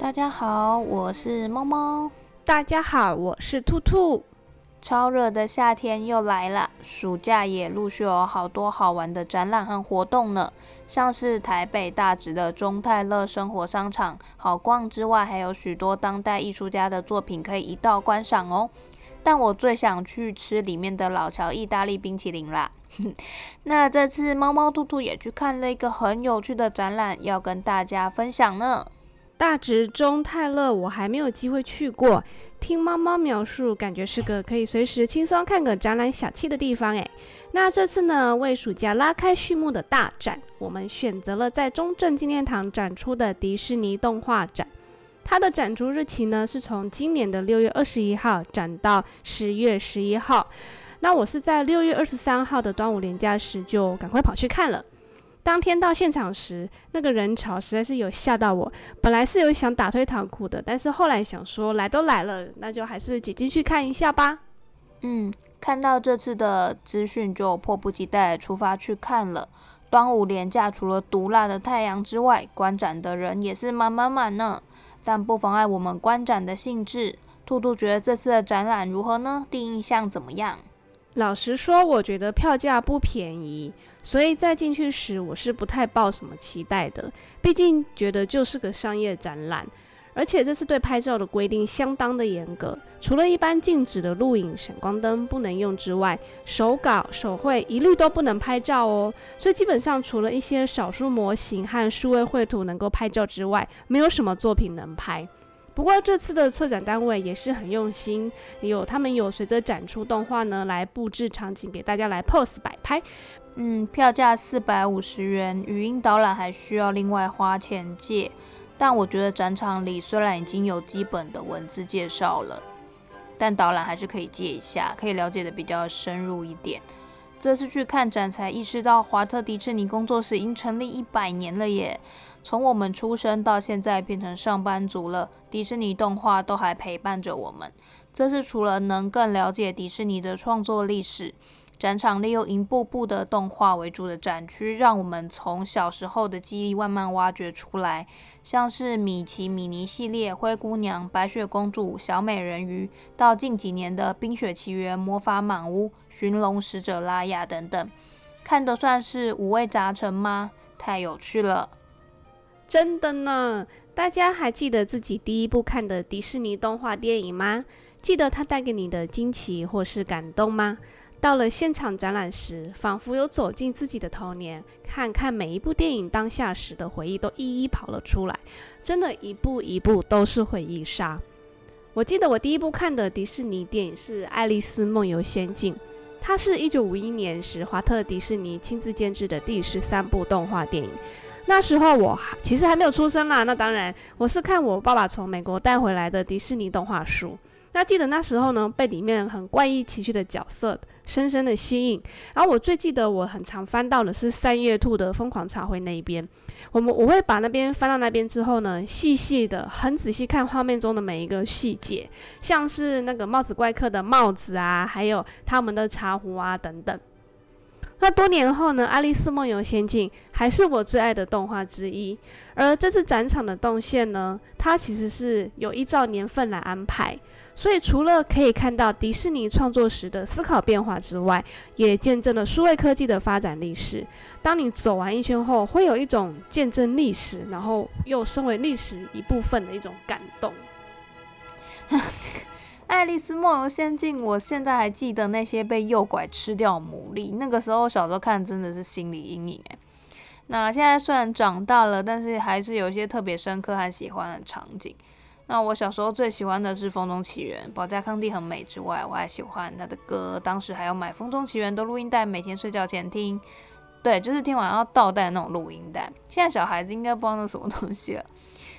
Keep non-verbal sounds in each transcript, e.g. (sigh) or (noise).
大家好，我是貓貓。大家好，我是兔兔。超熱的夏天又來了，暑假也陸續有好多好玩的展覽和活動呢。像是台北大直的中泰樂生活商場，好逛之外，還有許多當代藝術家的作品可以一道觀賞哦。但我最想去吃裡面的老喬意大利冰淇淋啦，呵呵。那這次貓貓兔兔也去看了一個很有趣的展覽，要跟大家分享呢。大直中泰勒，我還沒有機會去過。聽貓貓描述，感覺是個可以隨時輕鬆看個展覽小憩的地方誒。那這次呢，為暑假拉開序幕的大展，我們選擇了在中正紀念堂展出的迪士尼動畫展。它的展出日期呢，是從今年的六月二十一號展到十月十一號。那我是在六月二十三號的端午連假時就趕快跑去看了。當天到現場時，那個人潮實在是有嚇到我。本來是有想打退堂鼓的，但是後來想說，來都來了，那就還是擠進去看一下吧。嗯，看到這次的資訊就迫不及待出發去看了。端午連假除了毒辣的太陽之外，觀展的人也是滿滿滿呢，但不妨礙我們觀展的興緻。兔兔覺得這次的展覽如何呢？第一印象怎麼樣？老實說，我覺得票價不便宜，所以在進去時我是不太抱什麼期待的。畢竟覺得就是個商業展覽，而且這次對拍照的規定相當的嚴格，除了一般禁止的錄影、閃光燈不能用之外，手稿、手繪一律都不能拍照哦。所以基本上除了一些少數模型和數位繪圖能夠拍照之外，沒有什麼作品能拍。不過這次的策展單位也是很用心，也有他們有隨着展出動畫呢來布置場景，給大家來 pose 擺拍。嗯，票價四百五十元，語音導覽還需要另外花錢借。但我覺得展場裡雖然已經有基本的文字介紹了，但導覽還是可以借一下，可以了解的比較深入一點。這次去看展才意識到，華特迪士尼工作室已經成立一百年了耶！從我們出生到現在變成上班族了，迪士尼動畫都還陪伴着我們。這次除了能更了解迪士尼的創作歷史，展場利用一部部的動畫為主的展區，讓我們從小時候的記憶慢慢挖掘出來。像是米奇米妮系列、灰姑娘、白雪公主、小美人魚，到近幾年的《冰雪奇緣》、《魔法滿屋》、《尋龍使者》、《拉雅》等等，看得算是五味雜陳嗎？太有趣了！真的呢？大家還記得自己第一部看的迪士尼動畫電影嗎？記得它帶給你的驚奇或是感動嗎？到了現場展覽時，仿佛有走進自己的童年，看看每一部電影當下時的回憶都一一跑了出來，真的，一部一部都是回憶殺。我記得我第一部看的迪士尼電影是《愛麗絲夢遊仙境》，它是一九五一年時華特迪士尼親自監制的第十三部動畫電影。那時候我其實還沒有出生啦，那當然我是看我爸爸從美國帶回來的迪士尼動畫書。那記得那時候呢，被裡面很怪異、奇趣的角色深深的吸引。然後我最記得我很常翻到的是三月兔的瘋狂茶會那一邊。我們，我會把那邊翻到那邊之後呢，細細的、很仔細看畫面中的每一個細節，像是那個帽子怪客的帽子啊，還有他們的茶壺啊等等。那多年後呢，《愛麗絲夢遊仙境》還是我最愛的動畫之一。而這次展場的動線呢，它其實是有依照年份來安排。所以除了可以看到迪士尼創作時的思考變化之外，也見證了數位科技的發展歷史。當你走完一圈後，會有一種見證歷史，然後又身為歷史一部分的一種感動。 (laughs) 《愛麗絲夢遊仙境》，我現在還記得那些被誘拐吃掉牡蠣。那個時候我小時候看真的是心理陰影誒、欸。那現在雖然長大了，但是還是有一些特別深刻和喜歡的場景。那我小時候最喜歡的是《風中奇緣》，寶嘉康蒂很美之外，我還喜歡他的歌。當時還要買《風中奇緣》的錄音帶，每天睡覺前聽。對，就是聽完要倒帶那種錄音帶。現在小孩子應該不知道那什麼東西了。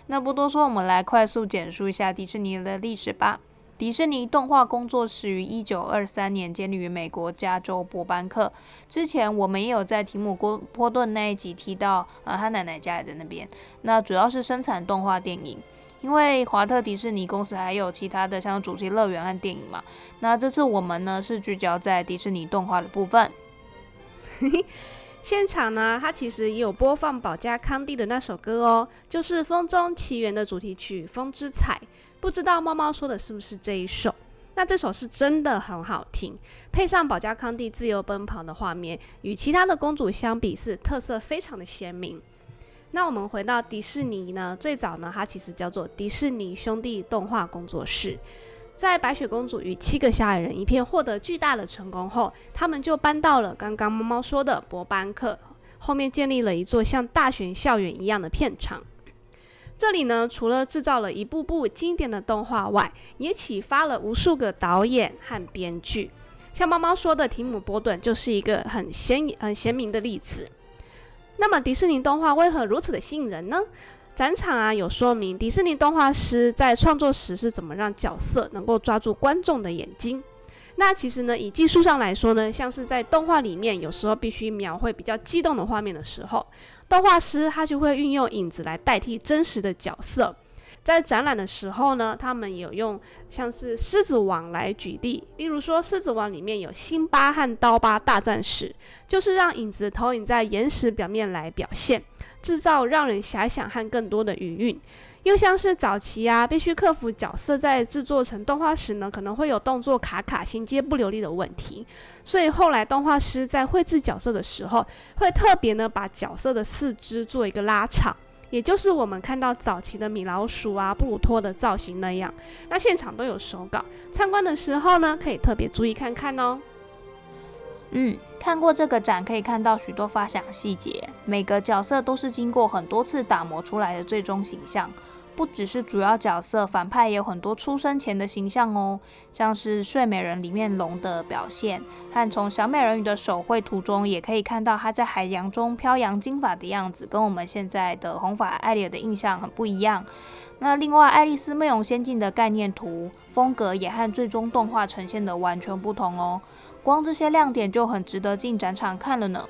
那不多說，我們來快速簡述一下迪士尼的歷史吧。迪士尼動畫工作室於一九二三年建立於美國加州伯班克。之前我們也有在提姆·波波頓那一集提到，呃、啊，他奶奶家也在那邊。那主要是生產動畫電影，因為華特迪士尼公司還有其他的像主題樂園和電影嘛。那這次我們呢是聚焦在迪士尼動畫的部分。 (laughs) 現場呢，它其實也有播放《寶嘉康蒂》的那首歌哦，就是《風中奇緣》的主題曲《風之彩》。不知道貓貓說的是不是這一首？那這首是真的很好聽，配上寶嘉康蒂自由奔跑的畫面，與其他的公主相比是特色非常的鮮明。那我們回到迪士尼呢，最早呢，它其實叫做迪士尼兄弟動畫工作室。在《白雪公主與七個小矮人》一片獲得巨大的成功後，他們就搬到了剛剛貓貓說的博班克，後面建立了一座像大學校園一樣的片場。這裡呢，除了製造了一部部經典的動畫外，也啟發了無數個導演和編劇。像貓貓說的，提姆·波頓就是一個很鮮很鮮明的例子。那麼，迪士尼動畫為何如此的吸引人呢？展場啊有說明，迪士尼動畫師在創作時是怎麼讓角色能夠抓住觀眾的眼睛。那其實呢，以技術上來說呢，像是在動畫裡面，有時候必須描繪比較激動的畫面的時候，動畫師他就會運用影子來代替真實的角色。在展覽的時候呢，他們有用像是《獅子王》來舉例，例如說《獅子王》裡面有辛巴和刀疤大戰時，就是讓影子投影在岩石表面來表現，製造讓人遐想和更多的餘韻。又像是早期啊，必須克服角色在製作成動畫時呢，可能會有動作卡卡、銜接不流利的問題。所以後來動畫師在繪製角色的時候，會特別呢把角色的四肢做一個拉長，也就是我們看到早期的米老鼠啊、布魯托的造型那樣。那現場都有手稿，參觀的時候呢，可以特別注意看看哦。嗯，看過這個展，可以看到許多發想細節，每個角色都是經過很多次打磨出來的最終形象。不只是主要角色，反派也有很多出生前的形象哦，像是《睡美人》裡面龍的表現，和從《小美人魚》的手繪圖中也可以看到她在海洋中飄揚金髮的樣子，跟我們現在的紅髮愛麗兒的印象很不一樣。那另外，《愛麗絲夢遊仙境》的概念圖風格也和最終動畫呈現的完全不同哦，光這些亮點就很值得進展場看了呢。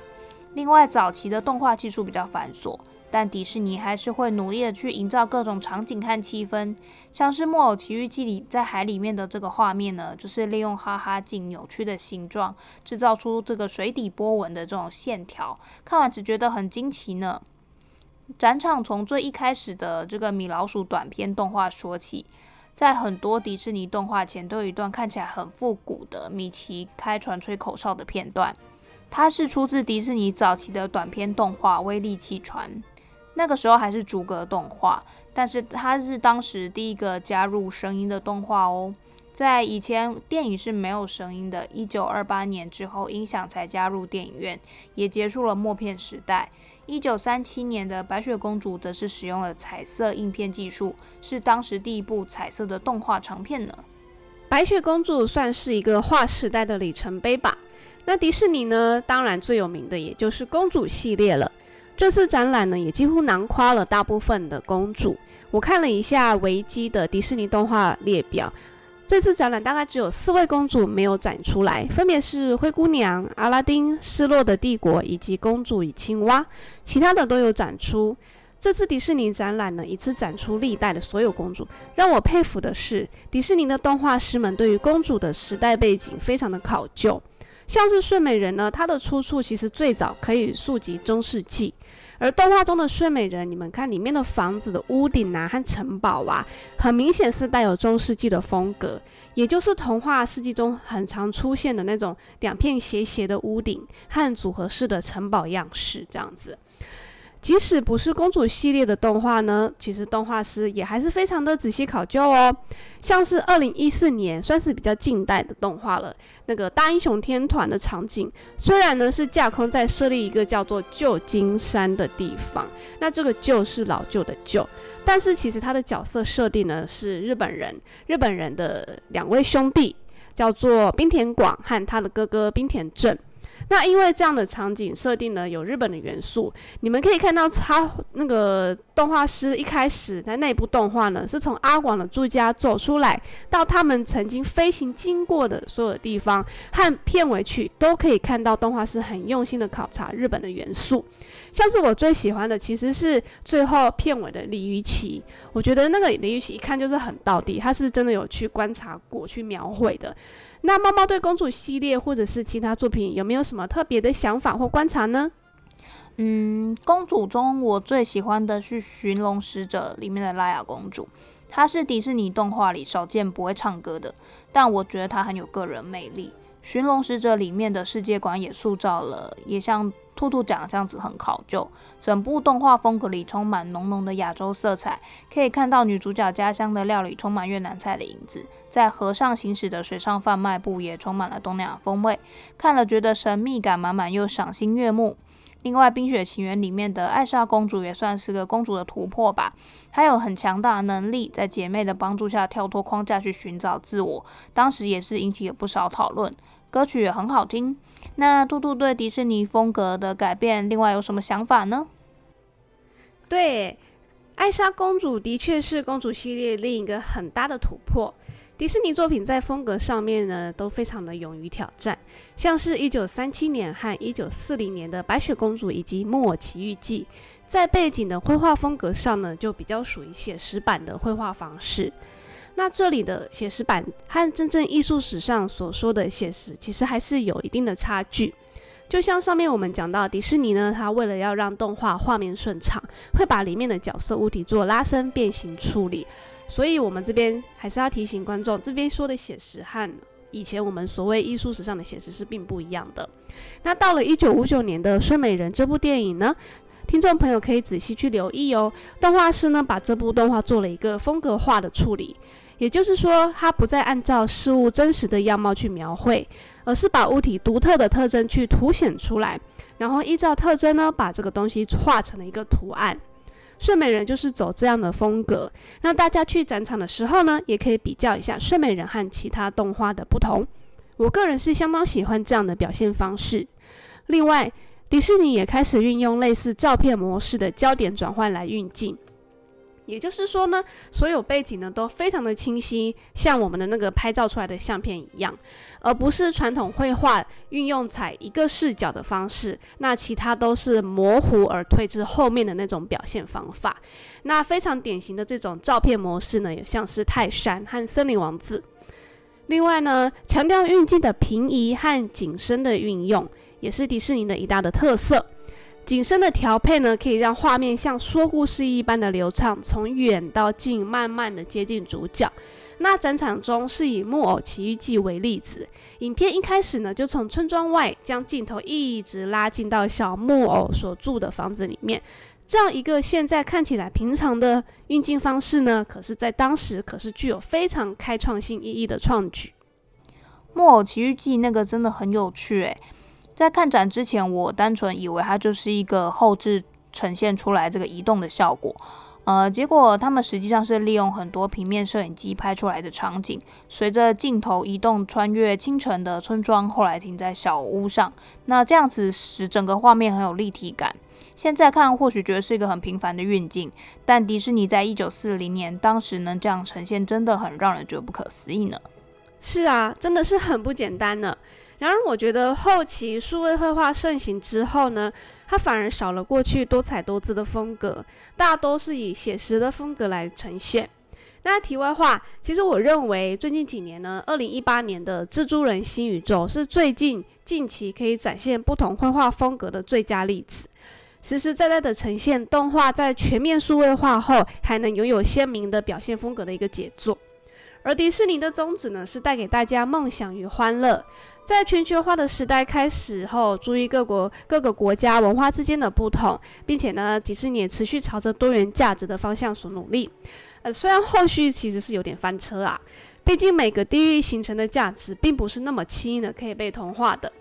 另外，早期的動畫技術比較繁瑣。但迪士尼還是會努力的去營造各種場景和氣氛，像是《木偶奇遇記》裡在海裡面的這個畫面呢，就是利用哈哈鏡扭曲的形狀，製造出這個水底波紋的這種線條，看完只覺得很驚奇呢。展場從最一開始的這個米老鼠短片動畫說起，在很多迪士尼動畫前都有一段看起來很復古的米奇開船吹口哨的片段，它是出自迪士尼早期的短片動畫《威力汽船》。那個時候還是逐格動畫，但是它是當時第一個加入聲音的動畫哦。在以前電影是沒有聲音的，一九二八年之後音響才加入電影院，也結束了默片時代。一九三七年的《白雪公主》則是使用了彩色印片技術，是當時第一部彩色的動畫長片呢。《白雪公主》算是一個劃時代的里程碑吧。那迪士尼呢？當然最有名的也就是公主系列了。這次展覽呢，也幾乎囊括了大部分的公主。我看了一下維基的迪士尼動畫列表，這次展覽大概只有四位公主沒有展出來，分別是灰姑娘、阿拉丁、失落的帝國以及公主與青蛙，其他的都有展出。這次迪士尼展覽呢，一次展出歷代的所有公主。讓我佩服的是，迪士尼的動畫師們對於公主的時代背景非常的考究。像是睡美人呢，它的出處其實最早可以溯及中世紀。而動畫中的睡美人，你們看裡面的房子的屋頂啊，和城堡啊，很明顯是帶有中世紀的風格，也就是童話世界中很常出現的那種兩片斜斜的屋頂和組合式的城堡樣式，這樣子。即使不是公主系列的動畫呢，其實動畫師也還是非常的仔細考究哦、喔。像是二零一四年，算是比較近代的動畫了。那個大英雄天團的場景，雖然呢是架空在設立一個叫做舊金山的地方，那這個舊是老舊的舊，但是其實它的角色設定呢是日本人，日本人的兩位兄弟，叫做濱田廣和他的哥哥濱田正。那因為這樣的場景設定呢，有日本的元素，你們可以看到他那個動畫師一開始在那部動畫呢，是從阿廣的住家走出來，到他們曾經飛行經過的所有的地方，和片尾曲都可以看到動畫師很用心的考察日本的元素，像是我最喜歡的其實是最後片尾的鯉魚旗。我覺得那個李玉喜一看就是很道地，他是真的有去觀察過去描繪的。那貓貓對公主系列或者是其他作品有沒有什麼特別的想法或觀察呢？嗯，公主中我最喜歡的是尋龍使者裡面的拉雅公主，她是迪士尼動畫裡少見不會唱歌的，但我覺得她很有個人魅力。《尋龍使者》裡面的世界觀也塑造了，也像兔兔講這樣子很考究。整部動畫風格裡充滿濃濃的亞洲色彩，可以看到女主角家鄉的料理充滿越南菜的影子，在河上行駛的水上販賣部也充滿了東南亞風味。看了覺得神秘感滿滿又賞心悅目。另外，《冰雪奇緣》裡面的艾莎公主也算是個公主的突破吧？她有很強大的能力，在姐妹的幫助下跳脫框架去尋找自我，當時也是引起了不少討論。歌曲也很好聽。那兔兔對迪士尼風格的改變，另外有什麼想法呢？對，艾莎公主的確是公主系列另一個很大的突破。迪士尼作品在風格上面呢，都非常的勇於挑戰，像是1937年和1940年的《白雪公主》以及《木偶奇遇記》，在背景的繪畫風格上呢，就比較屬於寫實版的繪畫方式。那這裡的寫實版和真正藝術史上所說的寫實，其實還是有一定的差距。就像上面我們講到，迪士尼呢，它為了要讓動畫畫面順暢，會把裡面的角色物體做拉伸變形處理。所以，我們這邊還是要提醒觀眾，這邊說的寫實和以前我們所謂藝術史上的寫實是並不一樣的。那到了一九五九年的《睡美人》這部電影呢，聽眾朋友可以仔細去留意哦。動畫師呢，把這部動畫做了一個風格化的處理，也就是說，它不再按照事物真實的樣貌去描繪，而是把物體獨特的特徵去凸顯出來，然後依照特徵呢，把這個東西畫成了一個圖案。睡美人就是走這樣的風格，那大家去展場的時候呢，也可以比較一下睡美人和其他動畫的不同。我個人是相當喜歡這樣的表現方式。另外，迪士尼也開始運用類似照片模式的焦點轉換來運鏡。也就是說呢，所有背景呢都非常的清晰，像我們的那個拍照出來的相片一樣，而不是傳統繪畫運用在一個視角的方式，那其他都是模糊而退至後面的那種表現方法。那非常典型的這種照片模式呢，也像是泰山和森林王子。另外呢，強調運鏡的平移和景深的運用，也是迪士尼的一大的特色。景深的調配呢，可以讓畫面像說故事一般的流暢，從遠到近，慢慢的接近主角。那展場中是以《木偶奇遇記》為例子，影片一開始呢，就從村莊外將鏡頭一直拉近到小木偶所住的房子裡面，這樣一個現在看起來平常的運鏡方式呢，可是，在當時可是具有非常開創性意義的創舉。《木偶奇遇記》那個真的很有趣哎、欸。在看展之前，我單純以為它就是一個後製呈現出來這個移動的效果，呃，結果他們實際上是利用很多平面攝影機拍出來的場景，隨着鏡頭移動穿越清晨的村莊，後來停在小屋上，那這樣子使整個畫面很有立體感。現在看或許覺得是一個很平凡的運鏡，但迪士尼在一九四零年當時能這樣呈現，真的很讓人覺得不可思議呢。是啊，真的是很不簡單呢。然而，我覺得後期數位繪畫盛行之後呢，它反而少了過去多彩多姿的風格，大多是以寫實的風格來呈現。那題外話，其實我認為最近幾年呢，二零一八年的《蜘蛛人：新宇宙》是最近近期可以展現不同繪畫風格的最佳例子，實實在在的呈現動畫在全面數位化後還能擁有鮮明的表現風格的一個傑作。而迪士尼的宗旨呢，是帶給大家夢想與歡樂。在全球化的時代開始後，注意各國各個國家文化之間的不同，並且呢，迪士尼也持續朝着多元價值的方向所努力。呃，雖然後續其實是有點翻車啊，畢竟每個地域形成的價值並不是那麼輕易的可以被同化的。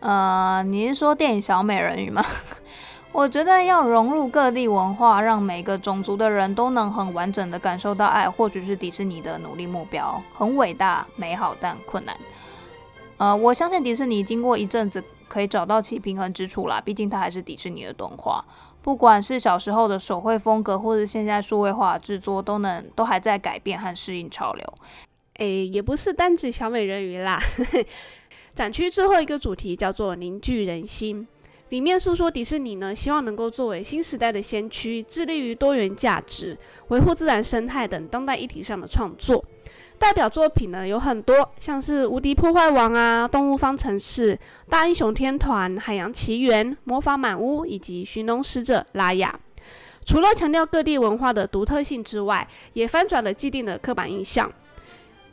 呃，您說電影《小美人魚》嗎？ (laughs) 我覺得要融入各地文化，讓每個種族的人都能很完整的感受到愛，或許是迪士尼的努力目標。很偉大、美好，但困難。呃，我相信迪士尼經過一陣子，可以找到其平衡之處啦。畢竟它還是迪士尼的動畫，不管是小時候的手繪風格，或者現在數位化製作，都能都還在改變和適應潮流。誒、欸，也不是單指小美人魚啦。 (laughs) 展區最後一個主題叫做凝聚人心。裡面訴說迪士尼呢，希望能夠作為新時代的先驅，致力於多元價值、維護自然生態等當代議題上的創作。代表作品呢有很多，像是《無敵破壞王》啊，《動物方城市》、《大英雄天團》、《海洋奇緣》、《魔法滿屋》以及《尋龍使者拉雅》。除了強調各地文化的獨特性之外，也翻轉了既定的刻板印象。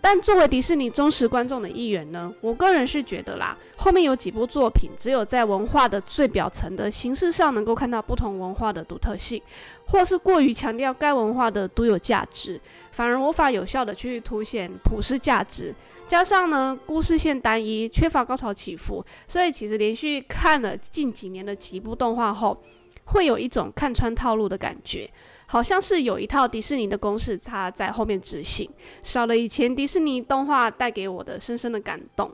但作為迪士尼忠實觀眾的一員呢，我個人是覺得啦，後面有幾部作品只有在文化的最表層的形式上能夠看到不同文化的獨特性，或是過於強調該文化的獨有價值，反而無法有效地去凸顯普世價值。加上呢，故事線單一，缺乏高潮起伏，所以其實連續看了近幾年的幾部動畫後。會有一種看穿套路的感覺，好像是有一套迪士尼的公式插在後面執行，少了以前迪士尼動畫帶給我的深深的感動。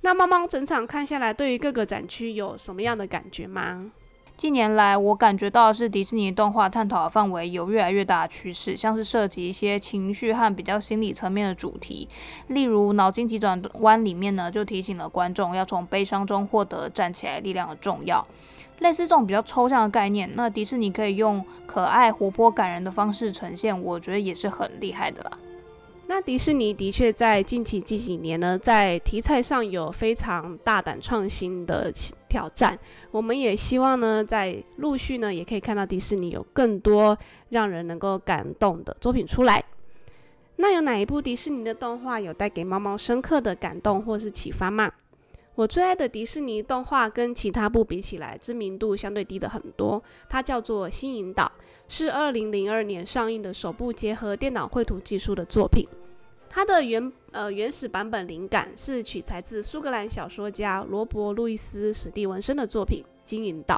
那茫茫整場看下來，對於各個展區有什麼樣的感覺嗎？近年來，我感覺到的是迪士尼動畫探討的範圍有越來越大的趨勢，像是涉及一些情緒和比較心理層面的主題，例如《腦筋急轉彎》裡面呢，就提醒了觀眾要從悲傷中獲得站起來力量的重要。類似這種比較抽象的概念，那迪士尼可以用可愛、活潑、感人的方式呈現，我覺得也是很厲害的啦。那迪士尼的確在近期，近幾年呢，在題材上有非常大膽創新的挑戰。我們也希望呢，在陸續呢，也可以看到迪士尼有更多讓人能夠感動的作品出來。那有哪一部迪士尼的動畫有帶給貓貓深刻的感動或是啟發嗎？我最愛的迪士尼動畫跟其他部比起來，知名度相對低的很多。它叫做《星銀島》，是2002年上映的首部結合電腦繪圖技術的作品。它的原呃原始版本靈感是取材自蘇格蘭小說家羅伯·路易斯·史蒂文森的作品《金銀島》，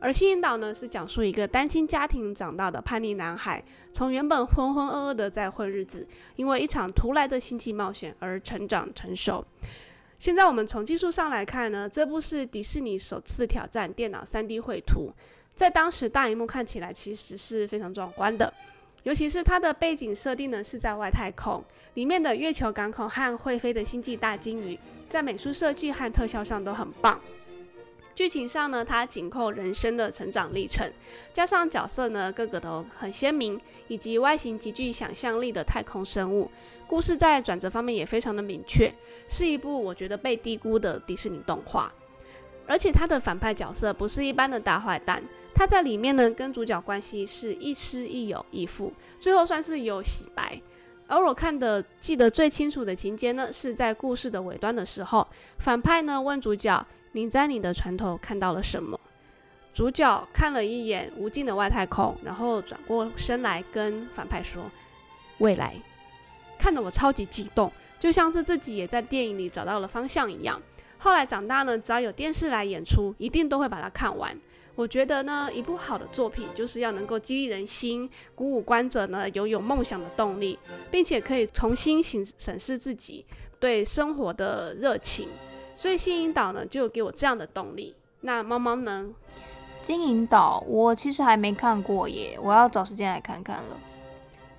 而《星銀島》呢是講述一個單親家庭長大的叛逆男孩，從原本渾渾噩噩的在混日子，因為一場突來的星際冒險而成長成熟。現在我們從技術上來看呢，這部是迪士尼首次挑戰電腦三 D 繪圖，在當時大熒幕看起來其實是非常壯觀的，尤其是它的背景設定呢，是在外太空，裡面的月球港口和會飛的星際大鯨魚，在美術設計和特效上都很棒。劇情上呢，它緊扣人生的成長歷程，加上角色呢個個都很鮮明，以及外形極具想象力的太空生物，故事在轉折方面也非常的明確，是一部我覺得被低估的迪士尼動畫。而且它的反派角色不是一般的大壞蛋，他在裡面呢跟主角關係是亦師亦友亦父，最後算是有洗白。而我看的記得最清楚的情節呢，是在故事的尾端的時候，反派呢問主角。你在你的船頭看到了什麼？主角看了一眼無盡的外太空，然後轉過身來跟反派說：“未來。”看得我超級激動，就像是自己也在電影裡找到了方向一樣。後來長大了，只要有電視來演出，一定都會把它看完。我覺得呢，一部好的作品就是要能夠激勵人心，鼓舞觀者呢，擁有夢想的動力，並且可以重新審審視自己對生活的熱情。所以《金銀島》呢，就有給我這樣的動力。那貓貓呢，《金銀島》我其實還沒看過耶，我要找時間來看看了。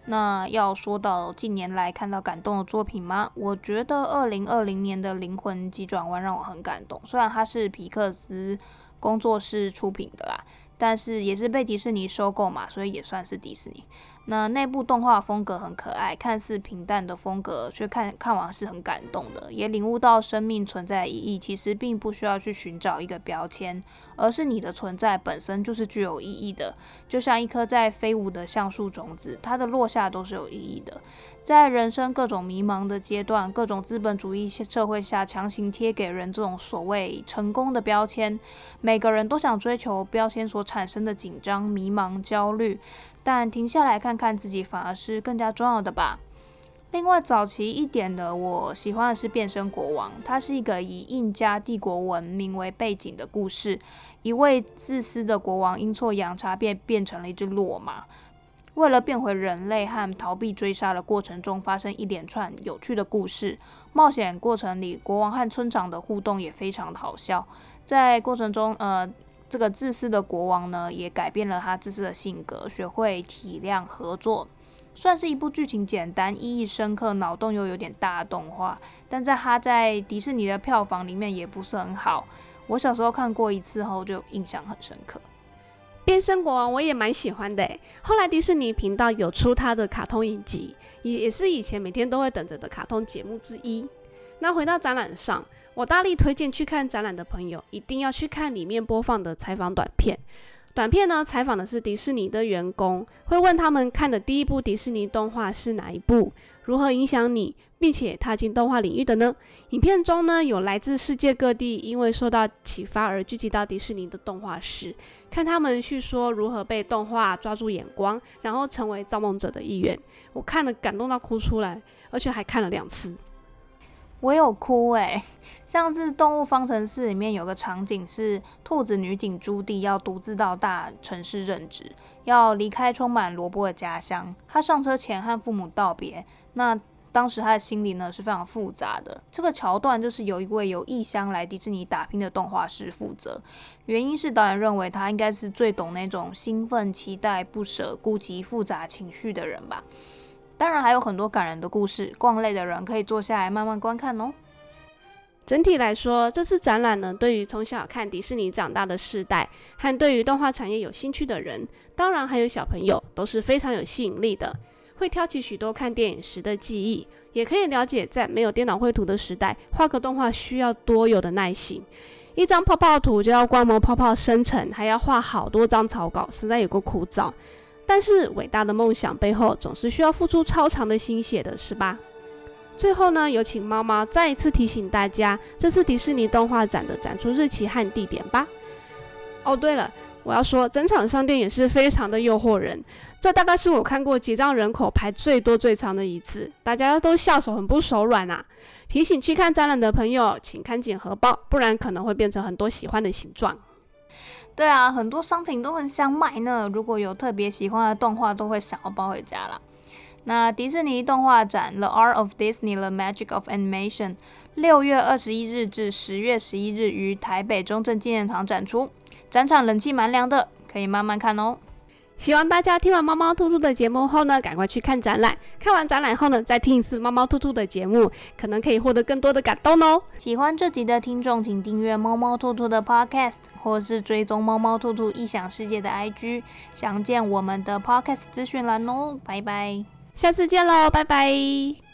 那要說到近年來看到感動的作品嗎？我覺得二零二零年的《靈魂急轉彎》讓我很感動。雖然它是皮克斯工作室出品的啦，但是也是被迪士尼收購嘛，所以也算是迪士尼。那內部動畫風格很可愛，看似平淡的風格，卻看看完是很感動的，也領悟到生命存在意義。其實並不需要去尋找一個標籤，而是你的存在本身就是具有意義的。就像一顆在飛舞的橡樹種子，它的落下都是有意義的。在人生各種迷茫的階段，各種資本主義社會下強行貼給人這種所謂成功的標籤，每個人都想追求標籤所產生的緊張、迷茫、焦慮。但停下來看看自己反而是更加重要的吧。另外，早期一點的，我喜歡的是《變身國王》，它是一個以印加帝國文明為背景的故事。一位自私的國王陰錯陽差便變成了一隻駱馬，為了變回人類和逃避追殺的過程中發生一連串有趣的故事。冒險過程裡，國王和村長的互動也非常的好笑。在過程中，呃。這個自私的國王呢，也改變了他自私的性格，學會體諒合作，算是一部劇情簡單、意義深刻、腦洞又有點大的動畫。但在他在迪士尼的票房裡面也不是很好。我小時候看過一次後就印象很深刻。變身國王我也蠻喜歡的，欸，後來迪士尼頻道有出他的卡通影集，也也是以前每天都會等着的卡通節目之一。那回到展覽上，我大力推薦去看展覽的朋友一定要去看裡面播放的採訪短片。短片呢，採訪的是迪士尼的員工，會問他們看的第一部迪士尼動畫是哪一部，如何影響你，並且踏進動畫領域的呢？影片中呢，有來自世界各地因為受到啟發而聚集到迪士尼的動畫師，看他們去說如何被動畫抓住眼光，然後成為造夢者的一員。我看了感動到哭出來，而且還看了兩次。我有哭誒、欸，上次《動物方程式》裡面有個場景是兔子女警朱迪要獨自到大城市任職，要離開充滿蘿蔔的家鄉。她上車前和父母道別，那當時她的心理呢是非常複雜的。這個橋段就是由一位由異鄉來迪士尼打拼的動畫師負責，原因是導演認為他應該是最懂那種興奮、期待、不捨、孤寂複雜情緒的人吧。當然還有很多感人的故事，逛累的人可以坐下來慢慢觀看哦。整體來說，這次展覽呢，對於從小看迪士尼長大的世代，和對於動畫產業有興趣的人，當然還有小朋友，都是非常有吸引力的，會挑起許多看電影時的記憶，也可以了解在沒有電腦繪圖的時代，畫個動畫需要多有的耐心。一張泡泡圖就要觀摩泡泡生成，還要畫好多張草稿，實在有夠枯燥。但是偉大的夢想背後總是需要付出超長的心血的，是吧？最後呢，有請貓貓再一次提醒大家這次迪士尼動畫展的展出日期和地點吧。哦，對了，我要說整場商店也是非常的誘惑人，這大概是我看過結賬人口排最多最長的一次，大家都下手很不手軟啊！提醒去看展覽的朋友，請看緊荷包，不然可能會變成很多喜歡的形狀。對啊，很多商品都很想買呢。如果有特別喜歡的動畫，都會想要抱回家啦。那迪士尼動畫展《The Art of Disney》《The Magic of Animation》，六月二十一日至十月十一日於台北中正紀念堂展出，展場冷氣蠻涼的，可以慢慢看哦。希望大家聽完貓貓兔兔的節目後呢，趕快去看展覽。看完展覽後呢，再聽一次貓貓兔兔的節目，可能可以獲得更多的感動哦。喜歡這集的聽眾，請訂閱貓貓兔兔的 Podcast，或是追蹤貓貓兔兔異想世界的 IG，詳見我們的 Podcast 資訊欄哦。拜拜，下次見嘍，拜拜。